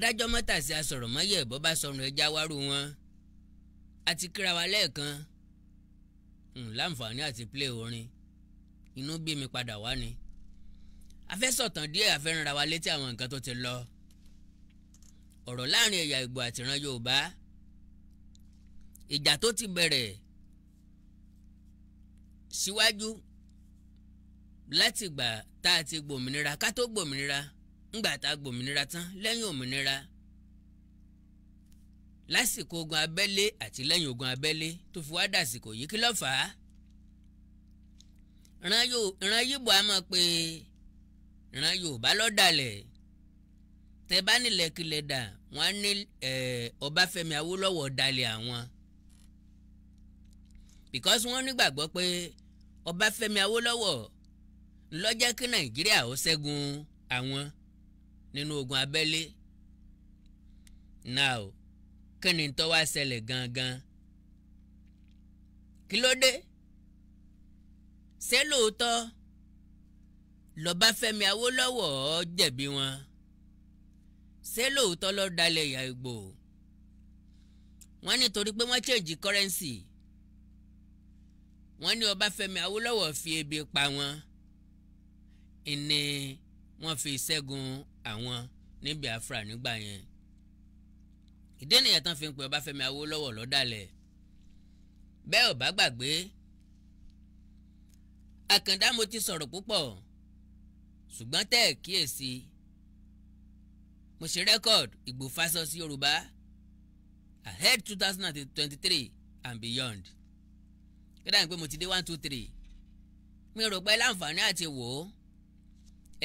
adájọ́ mọ́tàsí asọ̀rọ̀mọ́yẹ̀ bó bá sọnù ẹja wárò wọn àti kíra wa lẹ́ẹ̀kan hmm, láǹfààní àti play orin inú bí mi padà wá ni afẹ́sọ̀tàn díẹ̀ àfẹ́rànra wa létí àwọn nǹkan tó ti lọ ọ̀rọ̀ láàrin ẹ̀yà Ìgbò àti ìran Yorùbá ìjà tó ti bẹ̀rẹ̀ síwájú látìgbà tá a ti gbòmìnira ká tó gbòmìnira ńgbà tá a gbòmìnira tán lẹ́yìn òmìnira lásìkò ogun abẹ́lé àti lẹ́yìn ogun abẹ́lé tó fi wá dàsìkò yìí kí ló fà á ìran yíbo a máa pe ìran yorùbá lọ́dàlẹ̀ tẹ bá nílẹ̀ kílẹ̀ dà wọ́n á ní ọbáfẹ́mi awólọ́wọ̀ dalẹ̀ àwọn because wọ́n nígbàgbọ́ pé ọbáfẹ́mi awólọ́wọ̀ ló kí nàìjíríà ó ṣẹ́gun àwọn nínú ogun abẹ́lé náà kí ni tó wá ṣẹlẹ̀ gangan kí ló dé ṣé lóòótọ́ lọ́báfẹ́mi Awólọ́wọ̀ jẹ̀bi wọn ṣé lóòótọ́ ló dalẹ̀ ìyá Ìgbò wọ́n ní torí pé wọ́n change currency wọ́n ní Ọbáfẹ́mi Awólọ́wọ̀ fi ebi pa wọn ìní wọ́n fi ṣẹ́gun àwọn ní afra nígbà yẹn ìdí nìyẹn tán fi ń pè Ọbáfẹ́mi Awólọ́wọ̀ lọ́dàlẹ̀ bẹ́ẹ̀ ò bá gbàgbé Àkàndá mo ti sọ̀rọ̀ púpọ̀ ṣùgbọ́n tẹ́ ẹ̀ kíyèsí mo ṣe rẹ́kọ̀d Ìgbò fásọsí Yorùbá ahead two thousand and twenty-three and beyond kí dáhùn pé mo ti dé one two three mi rò pé láǹfààní àti wò ó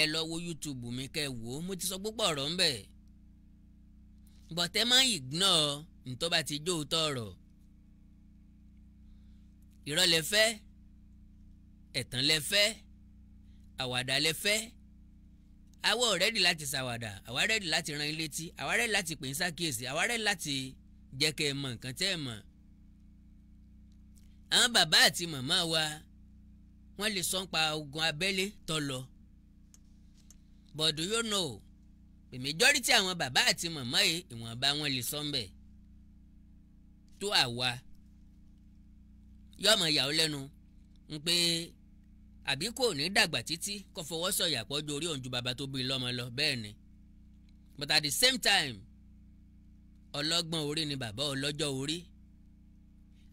ẹ lọ wo YouTube mi kẹ́ wò mo ti sọ púpọ̀ ọ̀rọ̀ ńbẹ̀ bọ̀tẹ́ má ignore ntọ́ bá ti jóòótọ́ ọ̀rọ̀ irọ́ lẹ fẹ́ ẹ̀tàn lẹ fẹ́ àwàdà lẹ fẹ́ àwa rẹ́dì láti ṣàwàdà àwa rẹ́dì láti ran ilé tí àwa rẹ́dì láti pè ń ṣàkíyèsí àwa rẹ́dì láti jẹ́ kẹ́ ẹ mọ nǹkan tẹ́ ẹ mọ̀ àwọn bàbá àti màmá wa wọ́n lè sọ́n pa ogun abẹ́lé tó lọ but do you know the majority àwọn bàbá àti màmá yìí ìwọ̀nba wọn lè sọ mbẹ̀ tó àwa yọmọ ìyàwó lẹ́nu ń pé àbí kò ní dàgbà títí kó fọwọ́ sọ̀yà pọ́jú orí òun bàbá tó bí lọ́mọ lọ bẹ́ẹ̀ ni but at the same time ọlọ́gbọ́n orí ni bàbá ọlọ́jọ́ orí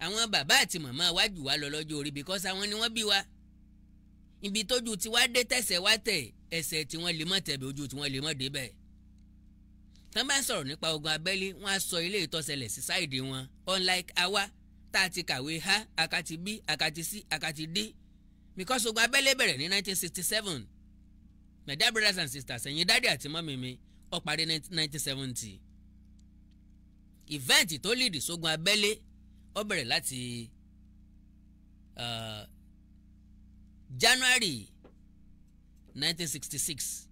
àwọn bàbá àti màmá wájú wa lọ lọ́jọ́ orí because àwọn ni wọ́n bí wa ibi tójú tiwa dé tẹ̀sẹ̀ wá tẹ̀ ẹsẹ̀ tí wọ́n lè mọ̀ tẹ̀bẹ̀ ojú tí wọ́n lè mọ̀ débẹ̀ tán bá ń sọ̀rọ̀ nípa ogun abẹ́lé wọ́n á sọ ilé ìtọ́sẹ̀lẹ̀ sí sáìdì wọn unlike awa tá a ti kàwé ha akati b akati c akati d because ogun abẹ́lé bẹ̀rẹ̀ ní 1967 my dear brothers and sisters ẹ̀yin dáàdì àti mọ́mì mi ó parí 1970 event tó lìdí sógun abẹ́lé ó bẹ̀rẹ̀ láti uh, January 1966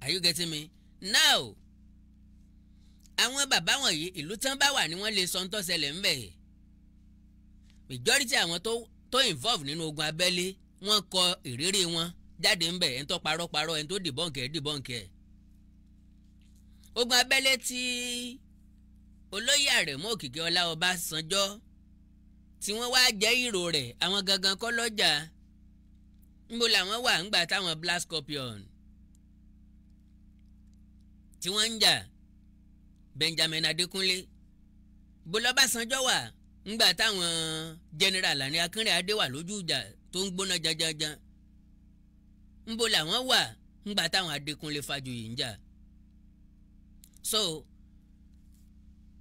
are you getting me now àwọn bàbá wọ̀nyí ìlú tán bá wà ní wọ́n lè sọ ń tó ń bẹ̀ majority àwọn tó tó involve nínú ogun abẹ́lé wọ́n kọ ìrírí wọn jáde ń bẹ̀ ẹ̀ ń tó parọ́parọ́ ẹ̀ ń tó dìbọ́ǹkì ẹ̀ dìbọ́ǹkì ẹ̀ ogun abẹ́lé tí olóyè àrẹ̀mú òkìkí ọlá ọbásanjọ́ tí wọ́n wá jẹ́ ìrò rẹ̀ àwọn gangan kọ́ lọ́jà níbo làwọn wà ńgbà táwọn Black Scorpion tí wọ́n ń jà Benjamin Adekunle, bólú wà ńgbà táwọn general Alani Adewa wà lójú ìjà tó ń gbóná janjanjan ńbo làwọn wà ńgbà táwọn adekunle Fájuyì ń jà so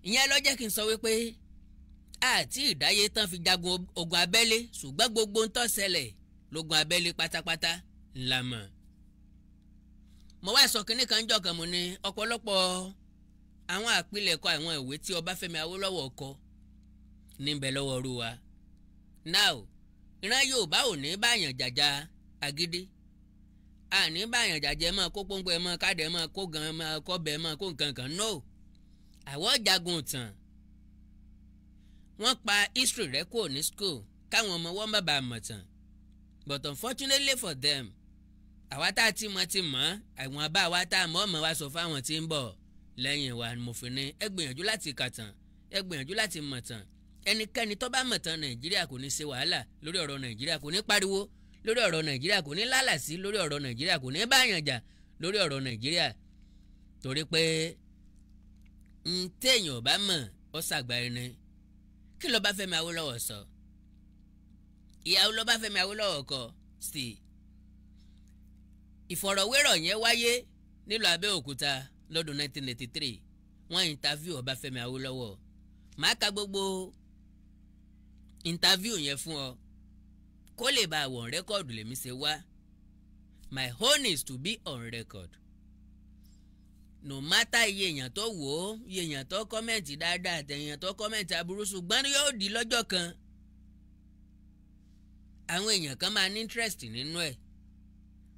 ìyẹn ló jẹ́ kí n sọ wípé àti ìdáyé tán fi jagun ogun abẹ́lé ṣùgbọ́n gbogbo ń tó ṣẹlẹ̀ lógun abẹ́lé pátápátá ńlá mọ̀. mo wá sọ kínní kan jọ kan mo ní ọ̀pọ̀lọpọ̀ àwọn àpilẹ̀kọ àwọn ìwé tí Ọbáfẹ́mi Awólọ́wọ̀ kọ níbẹ̀ lọ́wọ́ ru wa. now ìran Yorùbá ò ní báyàn jàjà agídí àní báyàn jàjẹ́ mọ́ kó pọ́npọ́ ẹ̀ mọ́ káàdì ẹ̀ mọ́ kó gan ẹ̀ mọ́ kó nǹkan kan no àwọn jagun tán wọ́n pa history record kúrò ní school káwọn ọmọ wọn má bàa mọ̀ tán but unfortunately for them àwa tá a ti mọ̀ ti mọ̀ àwọn abá wa tá a mọ̀ ọmọ wa sọ fáwọn tí ń bọ̀ lẹ́yìn wa mo fi ní ẹ gbìyànjú láti kà tán ẹ gbìyànjú láti mọ̀ tán ẹnikẹ́ni tó bá mọ̀ tán nàìjíríà kò ní ṣe wàhálà lórí ọ̀rọ̀ nàìjíríà kò ní pariwo lórí ọ̀rọ̀ nàìjíríà kò ní lálàsí lórí ọ̀rọ̀ nàìjíríà kò ní báyàn lórí ọ̀rọ̀ nàìjíríà torí pé n téèyàn mọ̀ ọ́ ṣàgbà ẹni kí ló bá Fẹ́mi Awólọ́wọ̀ sọ ìyàwó ló bá Fẹ́mi Awólọ́wọ̀ kọ sí ìfọ̀rọ̀wérọ̀ yẹn wáyé nílùú Abẹ́òkúta lọ́dún 1983 wọ́n interview Ọbáfẹ́mi Awólọ́wọ̀ màá ka gbogbo interview yẹn fún ọ kó lè bá àwọn rẹ́kọ̀dù lèmi ṣe wá my own is to be on record no matter iye èèyàn tó wò ó iye èèyàn tó kọ́mẹ̀ntì dáadáa àtẹ̀yàn tó kọ́mẹ̀ntì aburú ṣùgbọ́n yóò di lọ́jọ́ kan àwọn èèyàn kan máa ní interest nínú ẹ̀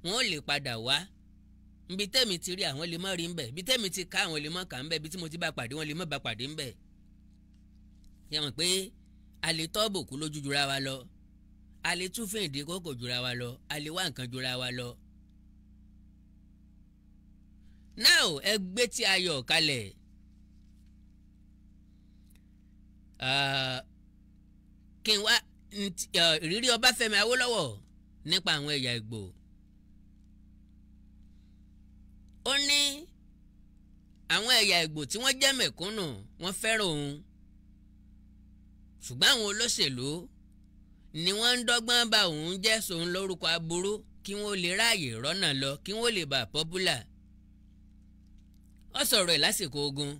wọ́n ò lè padà wá ibi tẹ́mi ti rí àwọn lè mọ́ rí ńbẹ̀ ibi tẹ́mi ti ká àwọn lè mọ́ kà ńbẹ̀ ibi tí mo ti bá pàdé wọn lè bá pàdé ńbẹ̀ yẹ mọ̀ pé a lè tọ́ bòkú lójú jura wa lọ a lè túfèèdè kókò jura wa lọ a lè wá nǹkan jura wa lọ now ẹ gbé tí ayọ̀ kalẹ̀ ah, kí n wá ah, ìrírí Ọbáfẹ́mi Awólọ́wọ̀ nípa àwọn ẹ̀yà Ìgbò ó ní àwọn ẹ̀yà Ìgbò tí wọ́n jẹ́ mẹ̀kúnnù wọ́n fẹ́ràn òun ṣùgbọ́n àwọn olóṣèlú ni wọ́n ń dọ́gbọ́n ba òun jẹ́ sòun lórúkọ aburú kí wọ́n lè ráàyè rọ́nà lọ kí wọ́n lè bà pọ́pùlà ó sọ̀rọ̀ ẹ̀ lásìkò ogun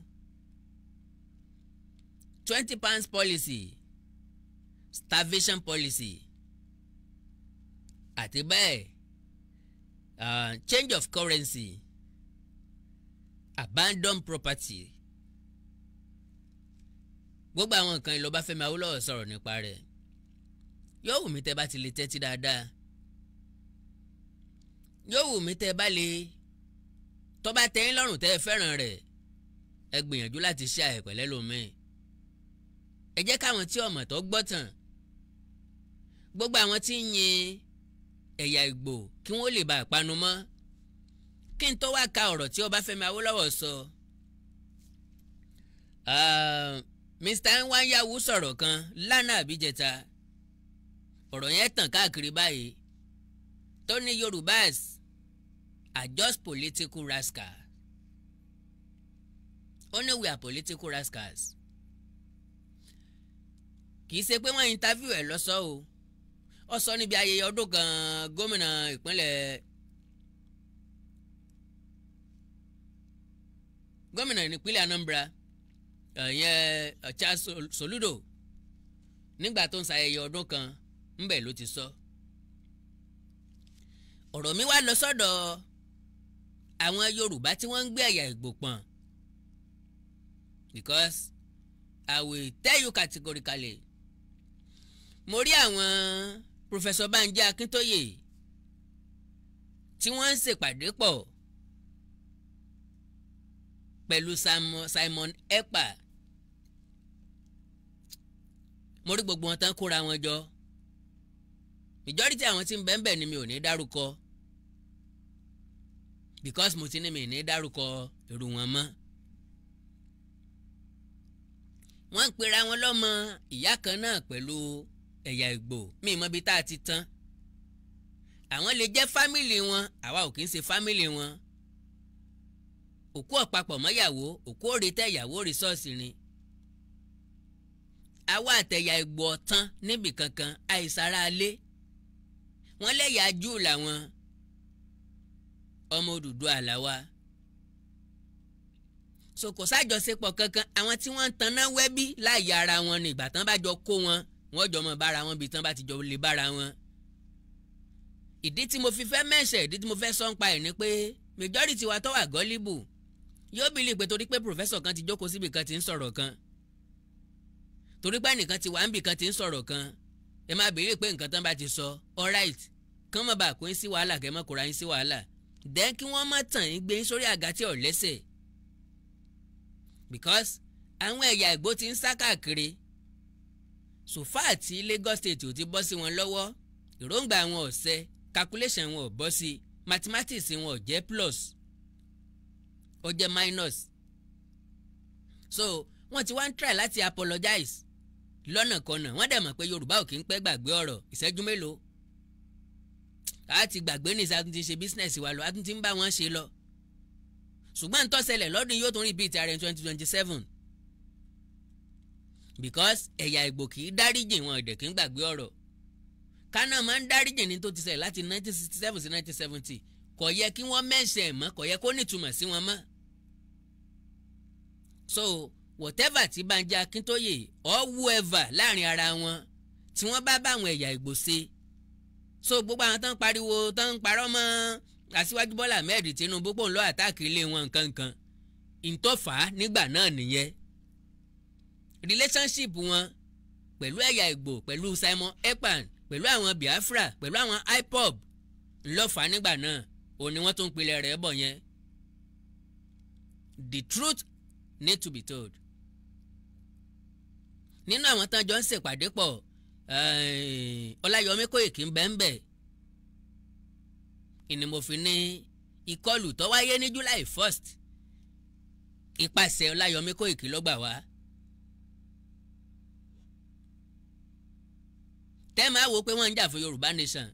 twenty pounds policy starvation policy àti bẹ́ẹ̀ uh, change of currency abandon property gbogbo àwọn nǹkan ìlọba Fẹ́mi Awólọ́wọ̀ sọ̀rọ̀ nípa rẹ̀ yóò wù mí tẹ́ bá ti lè tẹ́tí dáadáa yóò wù mí tẹ́ bá lè. Le tó bá tẹ́ yín lọ́rùn tẹ́ ẹ fẹ́ràn rẹ̀ ẹ gbìyànjú láti ṣe àìpẹ̀lẹ́ lómi ẹ jẹ́ káwọn tí ọmọ tó gbọ́ tàn gbogbo àwọn tí ń yin ẹ̀yà Ìgbò kí wọ́n lè bá ìpanu mọ́ kí n tó wá ka ọ̀rọ̀ tí Ọbáfẹ́mi Awólọ́wọ̀ sọ ah, Mr. Nwanyawu sọ̀rọ̀ kan lánàá àbíjẹta ọ̀rọ̀ yẹn tàn káàkiri báyìí tó ní Yorùbá ẹ̀sìn are just political rascals. Only we are political rascals. Kì í ṣe pé wọ́n interview ẹ̀ lọ́sọ̀ o. Ó sọ níbi ayẹyẹ ọdún kan gómìnà ìpínlẹ̀ gómìnà Anambra ìyẹn Charles Soludo nígbà tó ń ayẹyẹ ọdún kan ńbẹ̀ ló ti sọ. ọ̀rọ̀ mi wá lọ sọ́dọ̀ àwọn Yorùbá tí wọ́n ń gbé ẹ̀yà Ìgbò pọ̀n because I will tell you categorically mo rí àwọn Professor Banji Akintoye tí wọ́n ń ṣèpàdé pọ̀ pẹ̀lú Simon Ekpa mo rí gbogbo wọn tán kóra wọn jọ majority àwọn tí ń bẹ́ẹ̀ bẹ́ẹ̀ ni mi ò ní dárúkọ because mo ti ní mi ní dárúkọ irú wọn mọ́. wọ́n ń pera wọn lọ́mọ ìyá kan náà pẹ̀lú ẹ̀yà Ìgbò mi mọ ibi tá a ti tán. àwọn lè jẹ́ fámìlì wọn àwa ò kì í ṣe fámìlì wọn. òkú ọ̀pápọ̀ mọ́yàwó òkú òrè tẹ́ ìyàwó òrè ṣọ́ọ̀ṣì ni. àwa àtẹ̀yà Ìgbò ọ̀tán níbì kankan àìsàrà alé. wọ́n lẹ́yà Júù làwọn ọmọ Odùduwà làwa so kò sájọṣepọ̀ kankan àwọn tí wọ́n ń tanná wẹ́bí láàyè ara wọn ni ìgbà tán bá jọ kó wọn wọ́n jọ mọ bára wọn bí tán bá ti jọ lè bára wọn ìdí tí mo fi fẹ́ mẹ́sẹ̀ ìdí tí mo fẹ́ sọ ń pa ẹ̀ ni pé majority wa tó wà gọ́líbù yóò bí lè pé torí pé professor kan ti jókòó síbi kan ti ń sọ̀rọ̀ kan torí pé ẹnìkan ti wà ń bì kan ti ń sọ̀rọ̀ kan ẹ má béèrè pé nǹkan tán bá ti sọ alright kán mọ̀ bá kó ń sí wàhálà kẹ́ mọ̀ kóra ń sí wàhálà then kí wọ́n má tàn yín gbé yín sórí àga tí ò lẹ́sẹ̀ because àwọn ẹ̀yà Ìgbò ti ń sá káàkiri sòfà àti Lagos State ò ti bọ́ sí wọn lọ́wọ́ èròǹgbà wọn ò ṣẹ calculation wọn ò bọ́ sí mathematics wọn ò jẹ́ plus ó jẹ́ minus so wọ́n ti wá ń try láti apologize lọ́nà kọ̀nà wọ́n dẹ̀ mọ̀ pé Yorùbá ò kí ń pẹ́ gbàgbé ọ̀rọ̀ ìṣẹ́jú mélòó a ti gbàgbé ní ìsà tuntun ṣe business, wa lọ a tún ti ń bá wọn ṣe lọ ṣùgbọ́n ń tọ́sẹ̀lẹ̀ lọ́dún yóò tún rí bíi ti ara ẹni twenty twenty seven because ẹ̀yà ìgbò kì í dáríjì wọn ọ̀dẹ̀ kì í gbàgbé ọ̀rọ̀ kánà máa ń dáríjì ní tó ti ṣẹlẹ̀ láti nineteen sixty seven sí nineteen seventy kò yẹ kí wọ́n mẹ́sẹ̀ mọ́ kò yẹ kó nítumọ̀ sí wọn mọ́ so whatever ti Banji Akíntóyè or whoever láàrin ara wọn tí wọ́n bá bá àwọn ẹ̀yà ìgbò ṣe so gbogbo àwọn tán ń pariwo tán ń parọ́ mọ́ aṣíwájú bọ́lá ahmed tinubu pò ń lọ àtàkì ilé wọn nkankan ìtọ́fà nígbà náà nìyẹn relationship wọn pẹ̀lú ẹ̀yà ìgbò pẹ̀lú simon ekpan pẹ̀lú àwọn biafra pẹ̀lú àwọn ipob ńlọ́fà nígbà náà òun ni wọ́n tún pilẹ̀ rẹ̀ bọ̀ yẹn the truth need to be told nínú àwọn tán jọ ń ṣèpàdé pọ̀ ọláyọmí kòyèkì ń bẹ́ ń bẹ̀ ìní mo fi ní ìkọlù tó wáyé ní July 1st ìpàṣẹ ọláyọmí kòyèkì ló gbà wá. tẹ́ máa wò pé wọ́n ń jà fún Yorùbá Nation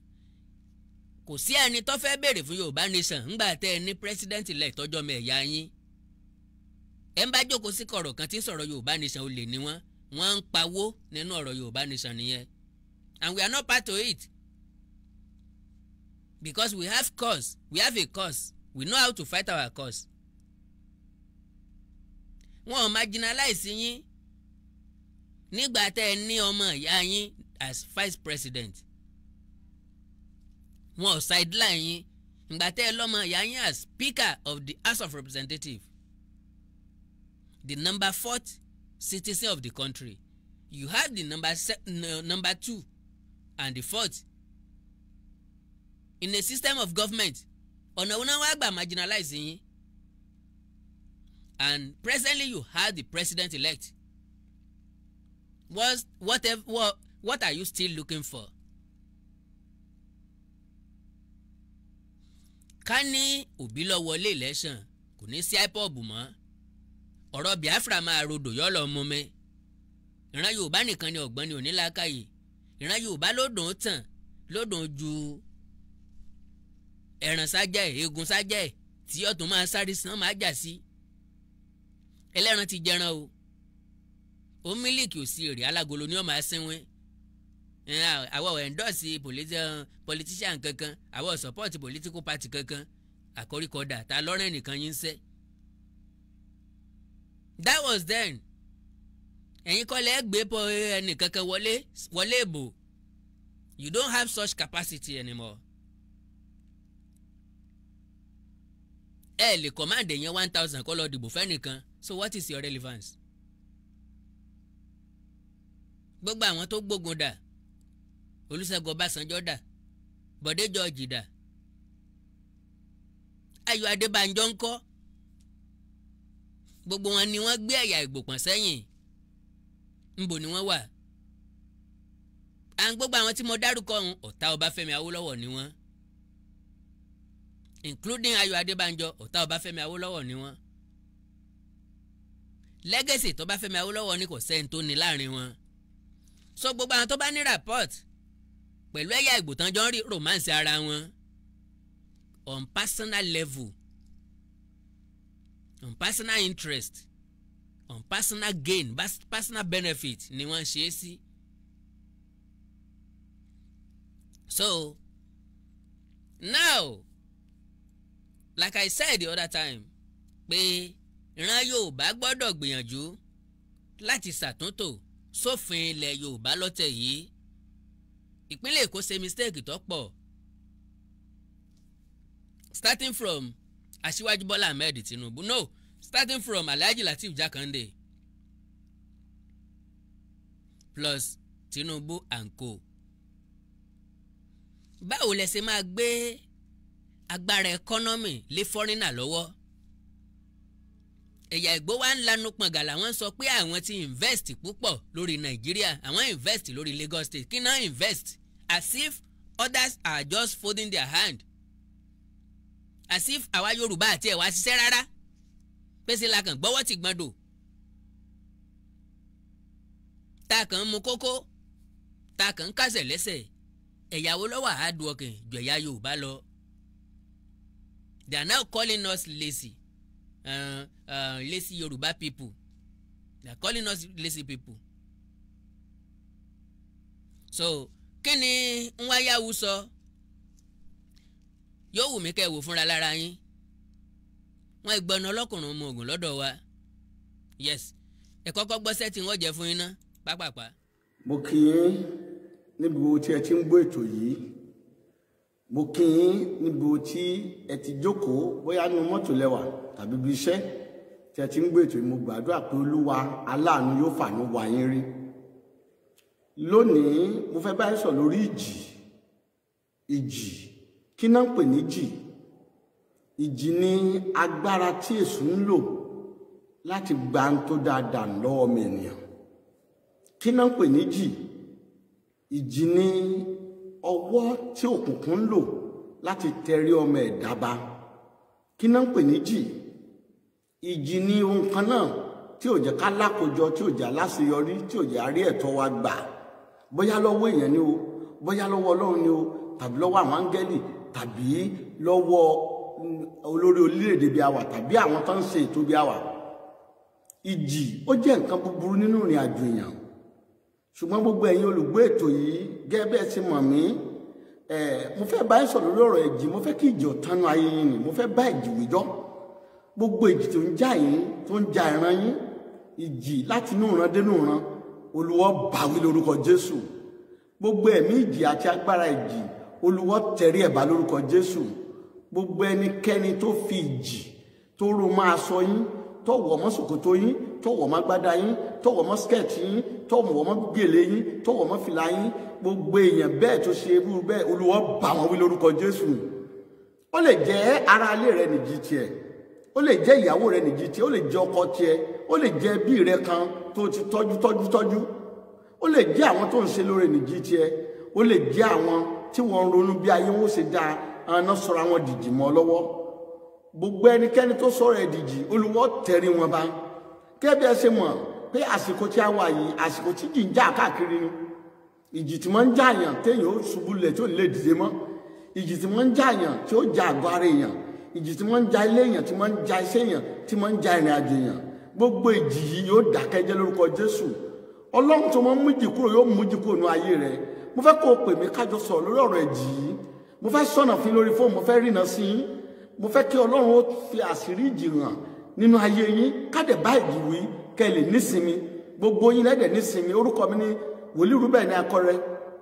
kò sí ẹni tó fẹ́ béèrè fún Yorùbá Nation ńgbà tẹ́ ẹ ní president elect ọjọ́ mẹ́ẹ̀yà yín ẹ ń bá jókòó sí kọ̀rọ̀ kan tí ń sọ̀rọ̀ Yorùbá Nation ó ní wọ́n wọ́n ń pawó nínú ọ̀rọ̀ Yorùbá nation nìyẹn and we are not part of it because we have cause we have a cause we know how to fight our cause wọn ò marginalize yín nígbà tẹ́ ẹ ní ọmọ ìyá yín as vice president wọn ò sideline yín ìgbà tẹ́ ẹ lọ́mọ ìyá yín as speaker of the house of representatives the number fourth citizen of the country you have the number se no, number two and the fourth in a system of government ọ̀nà òun náà wá gbà marginalize yín and presently you have the president elect what what what, what are you still looking for. ká ní Obi lọ wọlé election kò ní sí IPOB mọ́ ọ̀rọ̀ Biafra máa rodò yọ́ lọ mú mi ìran Yorùbá nìkan ni ọ̀gbọ́n ni onílàákàyè ìran Yorùbá lódùn tàn lódùn ju ẹ̀ràn sájà ẹ̀ eegun sájà ẹ̀ tí ọ̀tún máa sáré san máa jà sí ẹlẹ́ran ti jẹran o ó mílíkì ò sí èrè alágolo ni ó máa sínwín àwọ̀ ẹ̀ńdọ́sì politician kankan àwọ̀ support political party kankan àkórí kódà ta lọ́rẹ́ nìkan yín sẹ́ẹ́ that was then ẹ̀yin kọ́ lẹ́ẹ̀ gbé pọ̀ ẹnì kankan wọlé wọlé ìbò you don't have such capacity anymore. ẹ lè command yẹn one thousand kọ́ lọ dìbò fẹ́nìkan so what is your relevance? gbogbo àwọn tó gbógun dà Olúṣẹ́gun Ọbásanjọ́ dà Bọ̀dé George dà Ayọ̀ Adébánjọ ńkọ́ gbogbo wọn ni wọ́n gbé ẹ̀yà Ìgbò pọ̀n sẹ́yìn ńbo ni wọ́n wà à ń gbogbo àwọn tí mo dárúkọ ọ̀hún ọ̀tá Ọbáfẹ́mi Awólọ́wọ̀ ni wọ́n including Ayọ̀ Adébánjọ ọ̀tá Ọbáfẹ́mi Awólọ́wọ̀ ni wọ́n Legacy tó bá Fẹ́mi Awólọ́wọ̀ ni kò sẹ́ni tó ní láàrin wọn so gbogbo àwọn tó bá ní rapport pẹ̀lú ẹ̀yà Ìgbò rí romance ara wọn on personal level on personal interest on personal gain personal benefit ni wọ́n ṣe é sí. so now like I said the other time pé ìran Yorùbá gbọ́dọ̀ gbìyànjú láti ṣàtúntò sófin ilẹ̀ Yorùbá lọ́tẹ̀ yìí ìpínlẹ̀ Èkó ṣe mistake tó pọ̀ starting from aṣíwájú bọ́lá ahmed tinubu no starting from alhaji lateef jakande plus tinubu and co. báwo lẹ ṣe máa gbé agbára ẹkọ́nọ́mì lé fọ́rínà lọ́wọ́ ẹ̀yà ìgbó wa ń lanu pọ̀ngà làwọn sọ pé àwọn ti invest púpọ̀ lórí nàìjíríà àwọn invest lórí lagos state kí náà invest as if others are just folding their hand asif àwa yorùbá àti ẹ̀wà ṣiṣẹ́ rárá pèsè la kàn gbọ́wọ́ ti gbọ́n dò ta kàn ń mu kókó ta kàn ń kásẹ̀ lẹ́sẹ̀ ẹ̀yàwó lọ́wọ́ àádùn ọkàn jù ẹ̀yà yorùbá lọ they are now calling us lazy uh, uh, lazy yorùbá people they are calling us lazy people so kí ni nwayáwu sọ. So, yóò wù mí kẹ́ ẹ wò fúnra lára yín wọn gbọ́nà ọlọ́kùnrin ọmọ ogun lọdọ wa yes ẹ kọ́kọ́ gbọ́sẹ́ tí wọ́n jẹ́ fún yín ná pápápá. mo kì yín níbi wo tí ẹ ti ń gbọ́ ètò yìí mo kì yín níbi wo tí ẹ ti jókòó bóyá nínú mọ́tò lẹ́wà tàbí ibi iṣẹ́ tí ẹ ti ń gbọ́ ètò yìí mo gbàdúrà pé olúwa aláàánú yóò fàánú wá yín rí lónìí mo fẹ́ báyìí sọ lórí ìjì ìjì kí náà ń pè ní jì ìjì ni agbára tí èṣù ń lò láti gba ń tó dáadáa lọ́wọ́ ọmọ ènìyàn kí náà ń pè ní jì ìjì ni ọwọ́ tí òkùnkùn ń lò láti tẹrí ọmọ ẹ̀dá ba ń pè ní jì ìjì ni ohun kan náà tí ò jẹ́ ká lákòjọ tí ò jẹ́ aláṣeyọrí tí ò jẹ́ arí ẹ̀tọ́ wa gbà bóyá lọ́wọ́ èèyàn ni o bóyá lọ́wọ́ ọlọ́run ni o tàbí lọ́wọ́ àwọn áńgẹ́lì tàbí lọ́wọ́ mm, olórí orílẹ̀-èdè bí a wà tàbí àwọn tó ń ṣe ètò bí a wà ìjì ó jẹ́ nǹkan búburú nínú ìrìn àjò èèyàn ṣùgbọ́n gbogbo ẹ̀yin olùgbé ètò yìí gẹ́gẹ́ bẹ́ẹ̀ ti mọ̀ mí mo fẹ́ bá yín sọ̀rọ̀ lórí ọ̀rọ̀ ìjì mo fẹ́ kí ìjì ọ̀tánu ayé yín ni mo fẹ́ bá ìjì wíjọ́ gbogbo ìjì tó ń já yín tó ń já ìran yín ìjì láti inú ìran dénú ìran Olúwa báwí lórúkọ Jésù gbogbo ẹ̀mí ìjì àti agbára ìjì olúwọ́ tẹ̀rí ẹ̀bá lórúkọ jésù gbogbo ẹnikẹ́ni tó fi ìjì tó ro máa sọ yín tó wọ̀ mọ́ ṣòkòtò yín tó wọ̀ mọ́ gbádá yín tó wọ̀ mọ́ skẹ̀tì yín tó wọ̀ mọ́ gèlè yín tó wọ̀ mọ́ fìlà yín gbogbo èèyàn bẹ́ẹ̀ tó ṣe irú bẹ́ẹ̀ olúwọ́ bá wọn wí lórúkọ jésù ó lè jẹ́ ara ilé rẹ nìjí tiẹ̀ ó lè jẹ́ ìyàwó rẹ nìjí tiẹ̀ ó lè jẹ́ ọkọ tiẹ̀ ó lè jẹ́ ẹbí rẹ kan tó ti tọ́jú tọ́jú tọ́jú ó lè jẹ́ àwọn tó ń ṣe lóore nìjí tiẹ̀ ó lè jẹ́ àwọn tí wọ́n ronú bí ayé wọn ṣe dáa àná sọ̀rọ̀ àwọn dìjì mọ́ lọ́wọ́ gbogbo ẹnikẹ́ni tó sọ̀rọ̀ ẹ̀ dìjì olùwọ́ tẹ̀rí wọn bá kẹ́bí ẹ ṣe mọ̀ pé àsìkò tí a wà yìí àsìkò tí jì ń jà káàkiri ni ìjì tí wọ́n ń jàyàn téèyàn ó ṣubú lẹ̀ tí ò lè dìde mọ́ ìjì tí wọ́n ń jàyàn tí ó ja àgọ́ ara èèyàn ìjì tí wọ́n ń ja ilé èèyàn tí wọ́n ń ja iṣẹ́ èèyàn tí wọ́n ń ja ìrìn àjò èèyàn gbogbo ìjì yìí yóò dákẹ́jẹ́ lórúkọ Jésù Ọlọ́run tó mọ́ mú ìjì kúrò yóò mú ìjì kúrò nú ayé rẹ̀ mo fẹ́ kó o pè mí kájọ sọ̀rọ̀ lórí ọ̀rọ̀ ẹ̀jì yìí mo fẹ́ sọ̀nà fún lórí fóònù mo fẹ́ rìnà sí yín mo fẹ́ kí ọlọ́run ó fi àṣírí ìjì hàn nínú ayé yín kádẹ̀ bá ìjì wí kẹ́ ẹ lè nísinmi gbogbo yín lẹ́dẹ̀ nísinmi orúkọ mi ní wòlíì rúbẹ̀ ní akọrẹ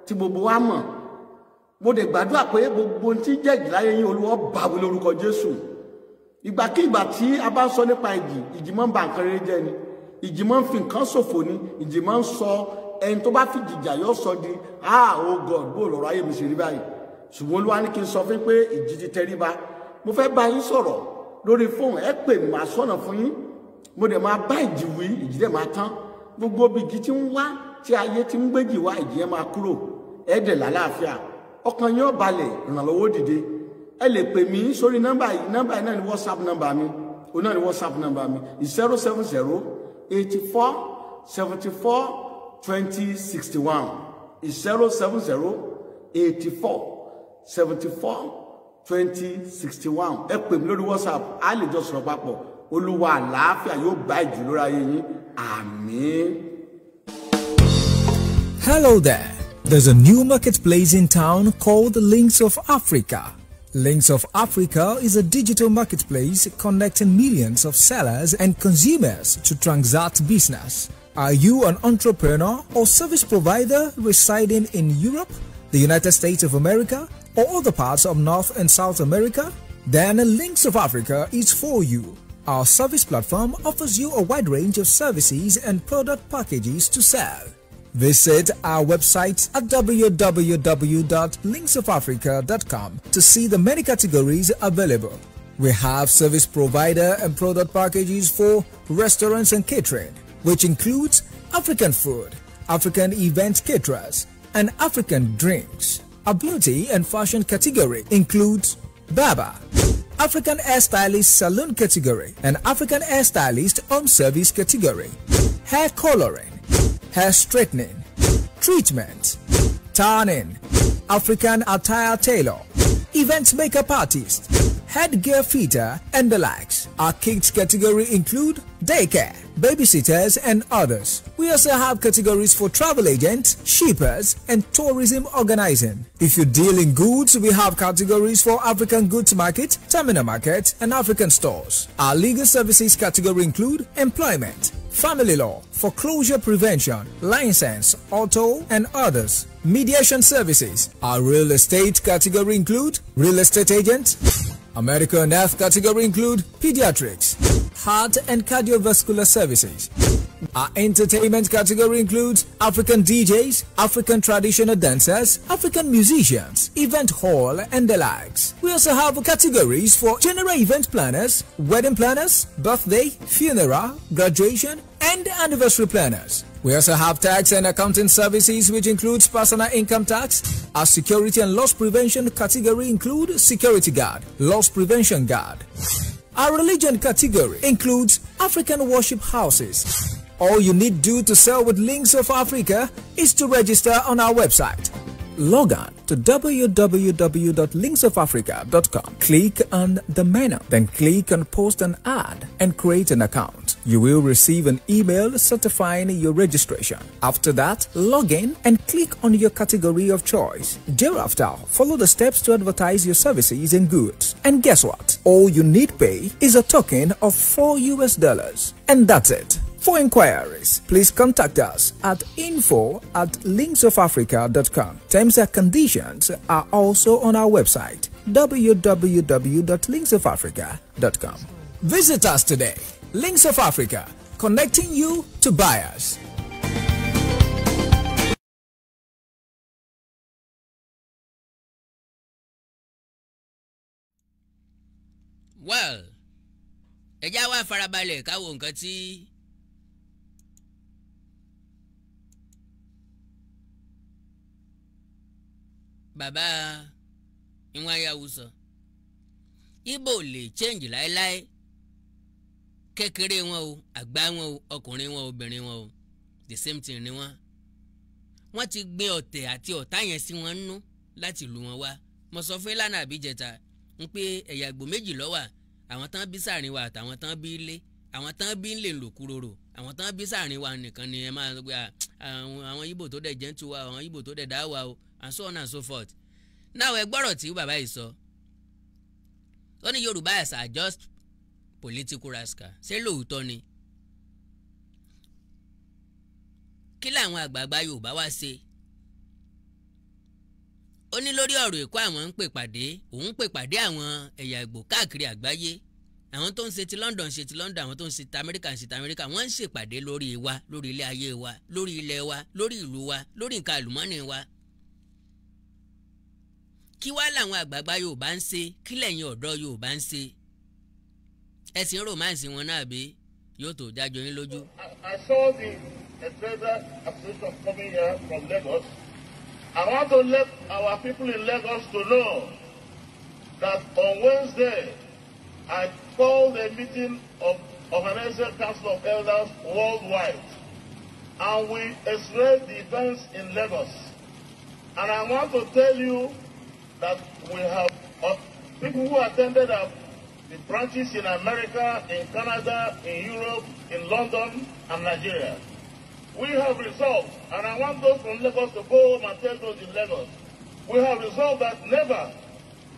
tí gbogbo wa mọ̀ mo dẹ̀ gbàdúrà pé gbogbo ohun tí jẹ́ ìjìláyé yín olúwọ́ bá wí lórúkọ jésù ìgbàkigbà tí a bá ń sọ nípa ìjì ìjì máa ń ba nǹkan rere jẹ́ ni ìjì máa ń fi nǹkan ṣòfò ni ìjì máa ń sọ ẹni tó bá fi jìjà yóò sọ di ah oh god bó lọ́rọ̀ ayé mi ṣe rí báyìí ṣùgbọ́n olúwa ní kí n sọ fún pé ìjì ti tẹríba mo fẹ́ bá yín sọ̀rọ̀ lórí fóònù ẹ pè mí màá sọ̀nà fún yín mo dẹ̀ máa bá ìjì wí ìjì dẹ̀ máa tán gbogbo bìgì tí ń wá tí ayé ti ń gbéjì wá ìjì yẹn máa kúrò ẹ dẹ̀ lálàáfíà ọkàn yín ó balẹ̀ dìde ẹ lè pè mí sórí nọ́mbà yìí nọ́mbà yìí náà ni whatsapp nọ́mbà mi òun náà ni whatsapp nọ́mbà mi zero seven zero eighty four seventy four. 2061 is 070 84 74 2061 ẹ WhatsApp olúwa àlàáfíà yóò bá ìjùlóra yín àmín. Hello there. There's a new marketplace in town called Links of Africa. Links of Africa is a digital marketplace connecting millions of sellers and consumers to transact business. Are you an entrepreneur or service provider residing in Europe, the United States of America, or other parts of North and South America? Then Links of Africa is for you. Our service platform offers you a wide range of services and product packages to sell. Visit our website at www.linksofafrica.com to see the many categories available. We have service provider and product packages for restaurants and catering, which includes African food, African event caterers, and African drinks. A beauty and fashion category includes Baba, African hairstylist salon category, and African hairstylist home service category, hair coloring, hair straightening, treatment, tanning, African attire tailor, event makeup artist, headgear fitter, and the likes. Our kids category include daycare, babysitters, and others. We also have categories for travel agents, shippers, and tourism organizing. If you deal in goods, we have categories for African goods market, terminal market, and African stores. Our legal services category include employment, family law, foreclosure prevention, license, auto, and others. Mediation services. Our real estate category include real estate agent. American health category include pediatrics heart and cardiovascular services. Our entertainment category includes African DJs, African traditional dancers, African musicians, event hall and the likes. We also have categories for general event planners, wedding planners, birthday, funeral, graduation and anniversary planners. We also have tax and accounting services which includes personal income tax. Our security and loss prevention category include security guard, loss prevention guard. Our religion category includes African worship houses. All you need do to sell with links of Africa is to register on our website log on to www.linksofafrica.com. Click on the menu, then click on post an ad and create an account. You will receive an email certifying your registration. After that, log in and click on your category of choice. Thereafter, follow the steps to advertise your services and goods. And guess what? All you need pay is a token of 4 US dollars. And that's it. For inquiries, please contact us at info at linksofafrica.com. Terms and conditions are also on our website www.linksofafrica.com. Visit us today. Links of Africa, connecting you to buyers. Well, ẹ wá farabalẹ̀ káwọn nǹkan tí. bàbá Nwayawu sọ Ìgbò lè change láéláé kékeré wọn o àgbà wọn o ọkùnrin wọn obìnrin wọn o the same thing ni wọn wọn ti gbé ọ̀tẹ̀ àti ọ̀tá yẹn sí wọn nú láti lù wọn wá mo sọ fún ìlànà àbíjẹta ń pé ẹ̀yà Ìgbò méjì ló àwọn tán bí sàárín wa àtàwọn tán bí ilé àwọn tán bí lè lò kúròrò. àwọn tán bí sàárín wa nìkan ni ẹ máa gbé àwọn Ìgbò tó dẹ̀ jẹ́ ń tu wa àwọn Ìgbò tó dẹ̀ dá wa o and so on and so forth now ẹ gbọ́rọ̀ tí bàbá yìí sọ ó ní Yorùbá as are just political rascal ṣé lóòótọ́ ni kí làwọn àgbààgbà Yorùbá wá ṣe ó ní lórí ọ̀rọ̀ Èkó àwọn ń pè pàdé òun pè pàdé àwọn ẹ̀yà Ìgbò káàkiri àgbáyé àwọn tó ń ṣe ti London ṣe ti London àwọn tó ń ṣe ti America ṣe ti America wọ́n ń ṣèpàdé lórí wa lórí ilé ayé wa lórí ilẹ̀ wa lórí ìlú wa lórí nǹkan àlùmọ́nì wa kí wá làwọn àgbààgbà Yorùbá ń ṣe kí lẹ́yìn ọ̀dọ́ Yorùbá ń ṣe ẹ̀sìn romance wọn náà bí yóò tó dájọ yín lójú. I saw the Federal Association coming here from Lagos. I want to let our people in Lagos to know that on Wednesday I called a meeting of Organizing Council of Elders worldwide and we expressed the events in Lagos. And I want to tell you that we have uh, people who attended our, uh, the branches in America, in Canada, in Europe, in London, and Nigeria. We have resolved, and I want those from Lagos to go home and tell those in Lagos, we have resolved that never,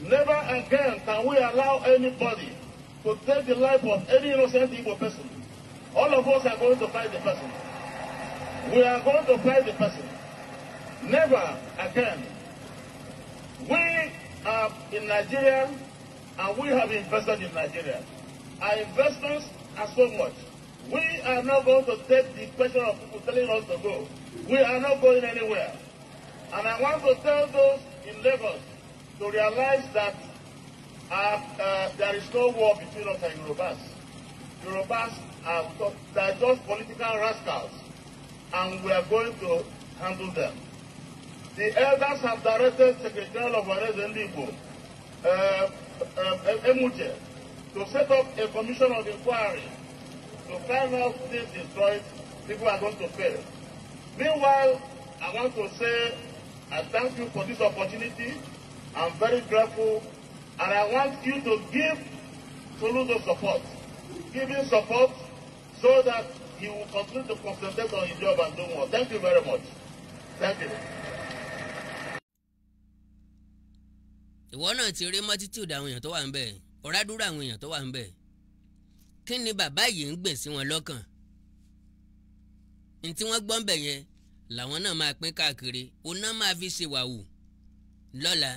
never again can we allow anybody to take the life of any innocent evil person. All of us are going to fight the person. We are going to fight the person. Never again We are in Nigeria and we have invested in Nigeria. Our investments are so much. We are not going to take the pressure of people telling us to go. We are not going anywhere. And I want to tell those in Lagos to realize that uh, uh, there is no war between us and Yorubas. Yorubas are just political rascals, and we are going to handle them. The elders have directed Secretary of Arrest Ndigbo, uh, to set up a commission of inquiry to find out things destroyed, people are going to pay. Meanwhile, I want to say I thank you for this opportunity. I'm very grateful, and I want you to give Soludo support. Give him support so that he will continue to concentrate on his job and do more. Thank you very much. Thank you. ìwọ náà ti rí multitude àwọn èèyàn tó wà ń bẹ̀ ọ̀rádúrà àwọn èèyàn tó wà ń bẹ̀ kí ni bàbá yìí ń gbìn sí wọn lọ́kàn ntí wọ́n gbọ́ ń bẹ̀ yẹn làwọn náà máa pín káàkiri òun náà máa fi ṣe wàhù lọ́la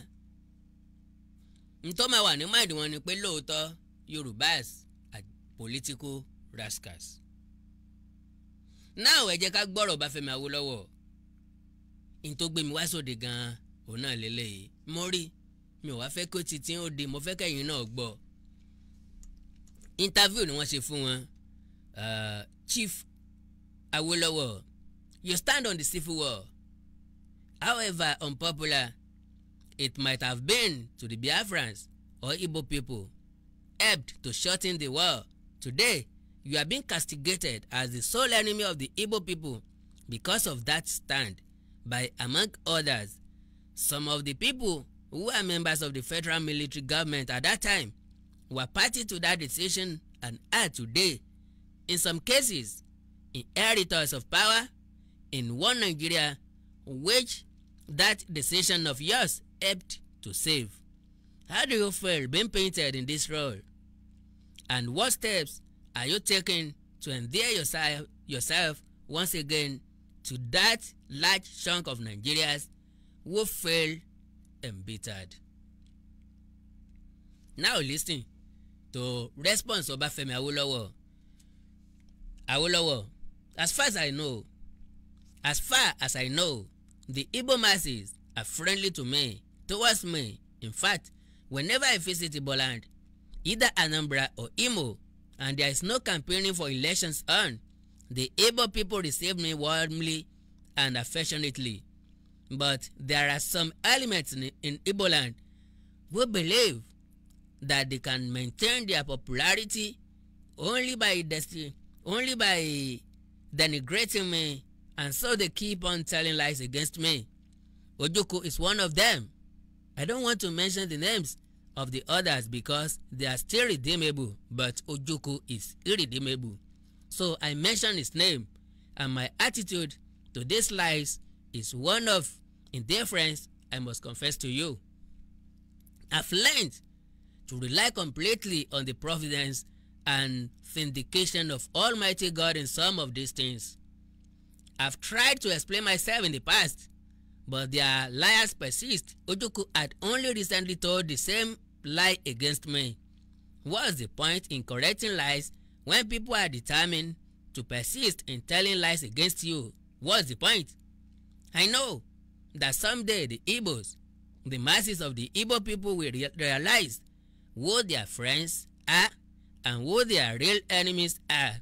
ntọ́ máa wà ní máìdì wọn ni pé lóòótọ́ Yorùbás at political rascals náà ẹ jẹ́ ká gbọ́rọ̀ Ọbáfẹ́mi Awólọ́wọ̀ ntó gbé mi wá sóde gan-an òun náà lélẹ́yìí mo rí i mi ò wá fẹ́ kó titi ó de mo fẹ́ kẹ́yìn náà gbọ́ interview ni wọ́n ṣe fún wọn uh, Chief Awolowo you stand on the civil war however unpopular it might have been to the Biafrans or Igbo people helped to shorten the war today you are being castigated as the sole enemy of the Igbo people because of that stand by among others some of the people who were members of the federal military government at that time were party to that decision and are today, in some cases, inheritors of power in one Nigeria which that decision of yours helped to save. How do you feel being painted in this role? And what steps are you taking to endear yourself, yourself once again to that large chunk of Nigerians who fail embittered. Now listen to response Obafemi Awolowo. Awolowo, as far as I know, as far as I know, the Igbo masses are friendly to me, towards me. In fact, whenever I visit Igboland, either Anambra or Imo, and there is no campaigning for elections on, the Igbo people receive me warmly and affectionately but there are some elements in, in Igbo land who believe that they can maintain their popularity only by destiny, only by denigrating me and so they keep on telling lies against me. Ojoko is one of them. I don't want to mention the names of the others because they are still redeemable but Ojoko is irredeemable. So I mention his name and my attitude to these lies is one of indifference, I must confess to you. I've learned to rely completely on the providence and vindication of Almighty God in some of these things. I've tried to explain myself in the past, but their liars persist. Ojoku had only recently told the same lie against me. What's the point in correcting lies when people are determined to persist in telling lies against you? What's the point? I know that someday the Igbos, the masses of the Igbo people will re realize who their friends are and who their real enemies are.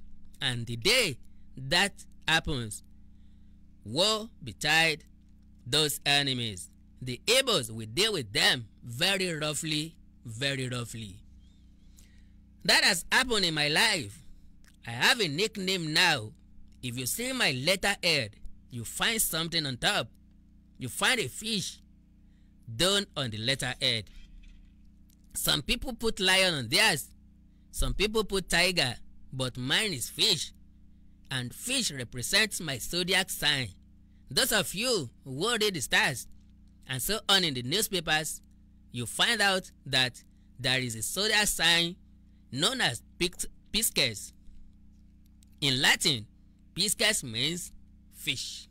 And the day that happens, woe betide those enemies. The Igbos will deal with them very roughly, very roughly. That has happened in my life. I have a nickname now. If you see my letterhead, you find something on top you find a fish done on the letterhead some people put lion on theirs some people put tiger but mine is fish and fish represents my zodiac sign those of you who read the stars and so on in the newspapers you find out that there is a zodiac sign known as Pisces. In Latin, Pisces means fish.